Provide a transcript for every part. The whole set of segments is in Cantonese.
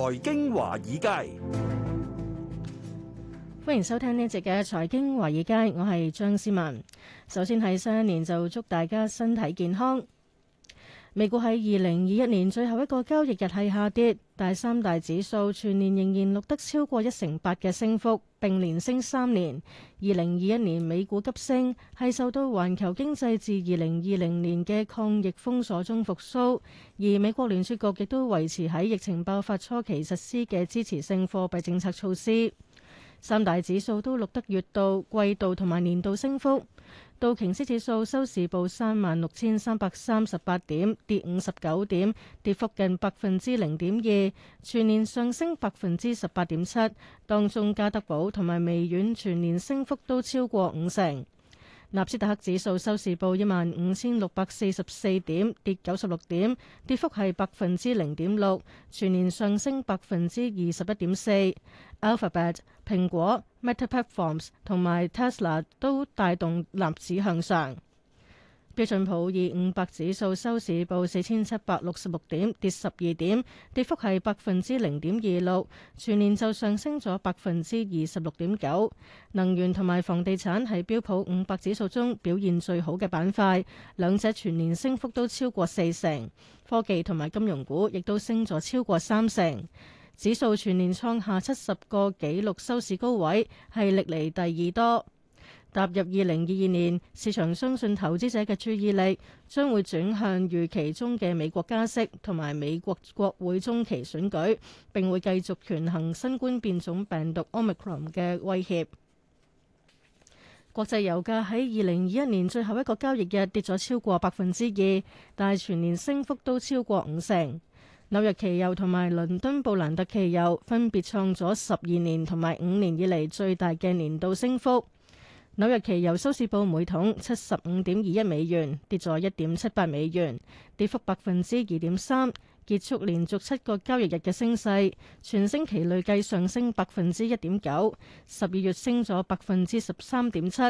財經華爾街，歡迎收聽呢一節嘅財經華爾街，我係張思文。首先喺新一年就祝大家身體健康。美股喺二零二一年最後一個交易日係下跌，但係三大指數全年仍然錄得超過一成八嘅升幅，並連升三年。二零二一年美股急升係受到環球經濟自二零二零年嘅抗疫封鎖中復蘇，而美國聯儲局亦都維持喺疫情爆發初期實施嘅支持性貨幣政策措施。三大指數都錄得月度、季度同埋年度升幅。道瓊斯指數收市報三萬六千三百三十八點，跌五十九點，跌幅近百分之零點二，全年上升百分之十八點七。當中加德寶同埋微軟全年升幅都超過五成。納斯達克指數收市報一萬五千六百四十四點，跌九十六點，跌幅係百分之零點六，全年上升百分之二十一點四。Alphabet、Al phabet，蘋果。Meta Platforms 同埋 Tesla 都帶動立指向上。標準普爾五百指數收市報四千七百六十六點，跌十二點，跌幅係百分之零點二六。全年就上升咗百分之二十六點九。能源同埋房地產係標普五百指數中表現最好嘅板塊，兩者全年升幅都超過四成。科技同埋金融股亦都升咗超過三成。指數全年創下七十個紀錄收市高位，係歷嚟第二多。踏入二零二二年，市場相信投資者嘅注意力將會轉向預期中嘅美國加息同埋美國國會中期選舉，並會繼續權衡新冠變種病毒 Omicron 嘅威脅。國際油價喺二零二一年最後一個交易日跌咗超過百分之二，但係全年升幅都超過五成。紐約期油同埋倫敦布蘭特期油分別創咗十二年同埋五年以嚟最大嘅年度升幅。紐約期油收市報每桶七十五點二一美元，跌咗一點七八美元，跌幅百分之二點三。結束連續七個交易日嘅升勢，全星期累計上升百分之一點九，十二月升咗百分之十三點七，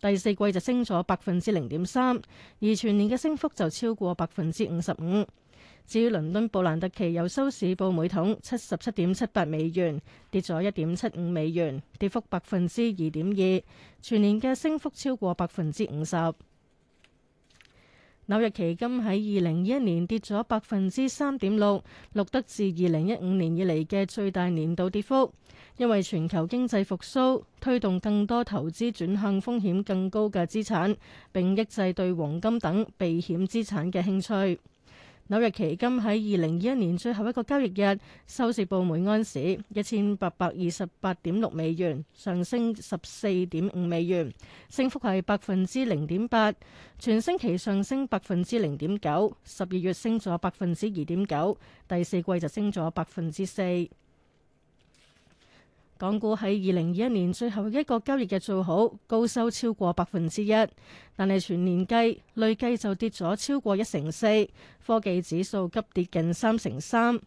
第四季就升咗百分之零點三，而全年嘅升幅就超過百分之五十五。至於倫敦布蘭特期油收市報每桶七十七點七八美元，跌咗一點七五美元，跌幅百分之二點二，全年嘅升幅超過百分之五十。紐約期金喺二零二一年跌咗百分之三點六，錄得自二零一五年以嚟嘅最大年度跌幅，因為全球經濟復甦推動更多投資轉向風險更高嘅資產，並抑制對黃金等避險資產嘅興趣。紐約期金喺二零二一年最後一個交易日收市報每安士一千八百二十八點六美元，上升十四點五美元，升幅係百分之零點八，全星期上升百分之零點九，十二月升咗百分之二點九，第四季就升咗百分之四。港股喺二零二一年最後一個交易日做好，高收超過百分之一，但係全年計累計就跌咗超過一成四。科技指數急跌近三成三。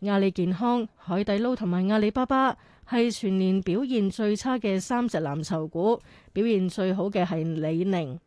阿里健康、海底撈同埋阿里巴巴係全年表現最差嘅三隻藍籌股，表現最好嘅係李寧。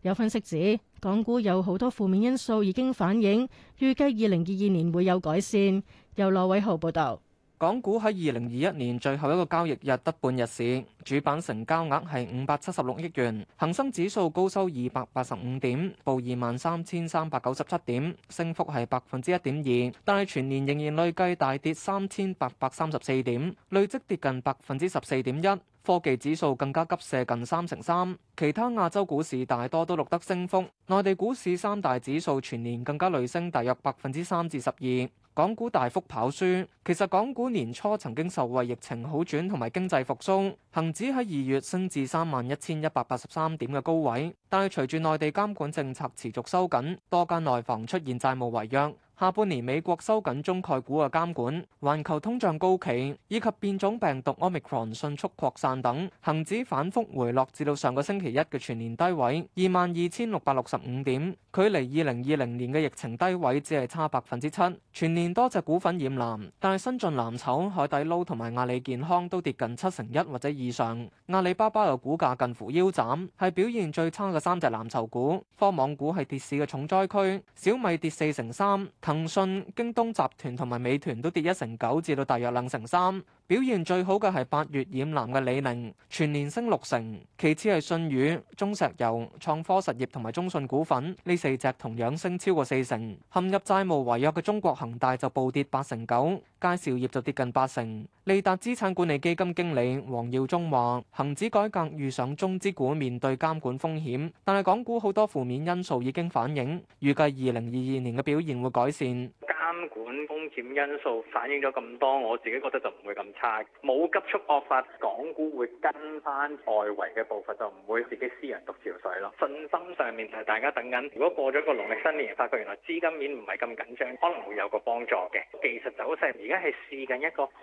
有分析指，港股有好多負面因素已經反映，預計二零二二年會有改善。由羅偉豪報道。港股喺二零二一年最後一個交易日得半日市，主板成交額係五百七十六億元，恒生指數高收二百八十五點，報二萬三千三百九十七點，升幅係百分之一點二，但係全年仍然累計大跌三千八百三十四點，累積跌近百分之十四點一。科技指數更加急瀉近三成三，其他亞洲股市大多都錄得升幅，內地股市三大指數全年更加累升大約百分之三至十二。港股大幅跑輸。其實港股年初曾經受惠疫情好轉同埋經濟復甦，恒指喺二月升至三萬一千一百八十三點嘅高位，但係隨住內地監管政策持續收緊，多間內房出現債務違約。下半年美國收緊中概股嘅監管，環球通脹高企，以及變種病毒 Omicron 迅速擴散等，恒指反覆回落至到上個星期一嘅全年低位二萬二千六百六十五點，距離二零二零年嘅疫情低位只係差百分之七。全年多隻股份染藍，但係新進藍籌海底撈同埋阿里健康都跌近七成一或者以上。阿里巴巴嘅股價近乎腰斬，係表現最差嘅三隻藍籌股。科網股係跌市嘅重災區，小米跌四成三。騰訊、京東集團同埋美團都跌一成九至到大約兩成三。表現最好嘅係八月染藍嘅李寧，全年升六成。其次係信宇、中石油、創科實業同埋中信股份呢四隻同樣升超過四成。陷入債務違約嘅中國恒大就暴跌八成九，佳兆業就跌近八成。利達資產管理基金經理黃耀忠話，恒指改革遇上中資股面對監管風險，但係港股好多負面因素已經反映，預計二零二二年嘅表現會改善。監管風險因素反映咗咁多，我自己覺得就唔會咁差，冇急速惡化，港股會跟翻外圍嘅步伐，就唔會自己私人獨憔悴咯。信心上面就係大家等緊，如果過咗個農曆新年，發覺原來資金面唔係咁緊張，可能會有個幫助嘅。技術走勢而家係試緊一個好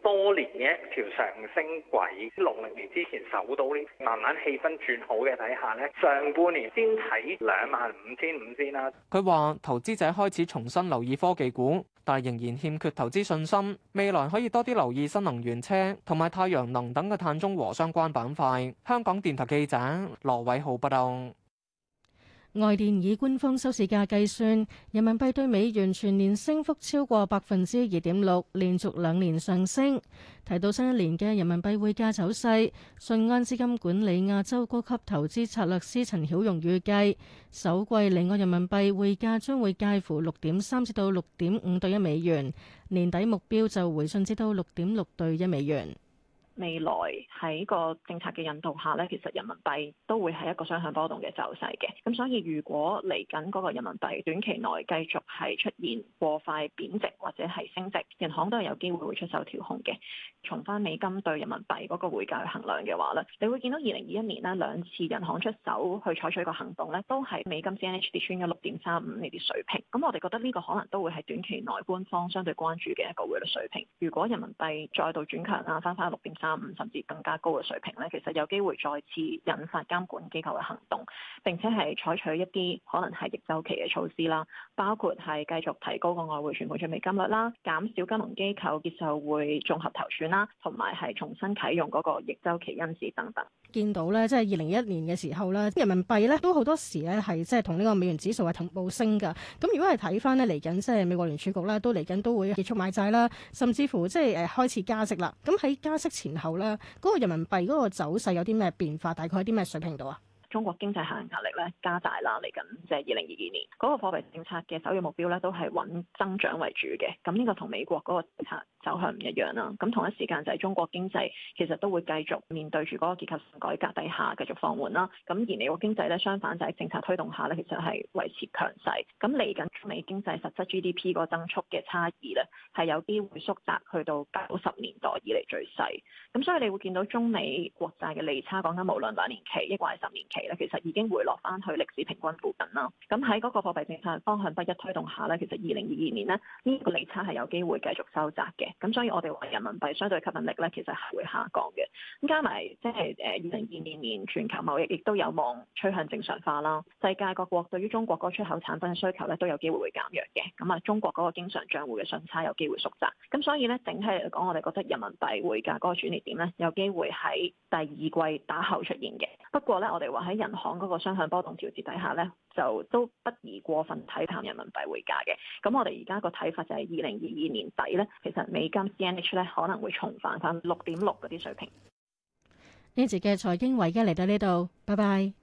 多年嘅一條上升軌，農曆年之前守到呢，慢慢氣氛轉好嘅底下咧，上半年先睇兩萬五千五先啦。佢話投資者開始重新留意科技股，但仍然欠缺投資信心。未來可以多啲留意新能源車同埋太陽能等嘅碳中和相關板塊。香港電台記者羅偉浩報道。外電以官方收市價計算，人民幣兌美元全年升幅超過百分之二點六，連續兩年上升。提到新一年嘅人民幣匯價走勢，信安資金管理亞洲高級投資策略師陳曉容預計，首季離岸人民幣匯價將會介乎六點三至到六點五兌一美元，年底目標就回升至到六點六兌一美元。未來喺個政策嘅引導下呢，其實人民幣都會係一個雙向波動嘅走勢嘅。咁所以如果嚟緊嗰個人民幣短期內繼續係出現過快貶值或者係升值，人行都係有機會會出手調控嘅，重返美金對人民幣嗰個匯價去衡量嘅話呢，你會見到二零二一年呢兩次人行出手去採取一個行動呢，都係美金 CNH 跌穿咗六點三五呢啲水平。咁我哋覺得呢個可能都會係短期內官方相對關注嘅一個匯率水平。如果人民幣再度轉強啦，翻翻六點三，甚至更加高嘅水平咧，其實有機會再次引發監管機構嘅行動，並且係採取一啲可能係逆週期嘅措施啦，包括係繼續提高個外匯存款準備金率啦，減少金融機構結售匯綜合頭寸啦，同埋係重新啟用嗰個逆週期因子等等。見到咧，即係二零一一年嘅時候咧，人民幣咧都好多時咧係即係同呢個美元指數係同步升㗎。咁如果係睇翻咧嚟緊，即係、就是、美國聯儲局咧都嚟緊都會結束買債啦，甚至乎即係誒開始加息啦。咁喺加息前後咧，嗰、嗰個人民幣嗰個走勢有啲咩變化？大概喺啲咩水平度啊？中國經濟下行壓力咧加大啦，嚟緊即係二零二二年嗰個貨幣政策嘅首要目標咧都係穩增長為主嘅。咁呢個同美國嗰個政策走向唔一樣啦。咁同一時間就係中國經濟其實都會繼續面對住嗰個結構性改革底下繼續放緩啦。咁而美國經濟咧相反就係政策推動下咧，其實係維持強勢。咁嚟緊中美經濟實質 GDP 個增速嘅差異咧係有啲會縮窄，去到九十年代以嚟最細。咁所以你會見到中美國債嘅利差，講緊無論兩年期抑或係十年期。其實已經回落翻去歷史平均附近啦。咁喺嗰個貨幣政策方向不一推動下呢，其實二零二二年呢，呢、呢個利差係有機會繼續收窄嘅。咁所以，我哋話人民幣相對吸引力呢，其實係會下降嘅。咁加埋即係誒二零二二年全球貿易亦都有望趨向正常化啦。世界各國對於中國嗰出口產品嘅需求呢，都有機會會減弱嘅。咁啊，中國嗰個經常帳戶嘅順差有機會縮窄。咁所以呢，整體嚟講，我哋覺得人民幣匯價嗰個轉捩點呢，有機會喺第二季打後出現嘅。不過咧，我哋話喺人行嗰個雙向波動調節底下咧，就都不宜過分睇淡人民幣匯價嘅。咁我哋而家個睇法就係二零二二年底咧，其實美金 CNH 咧可能會重返翻六點六嗰啲水平。呢節嘅財經華爾街嚟到呢度，拜拜。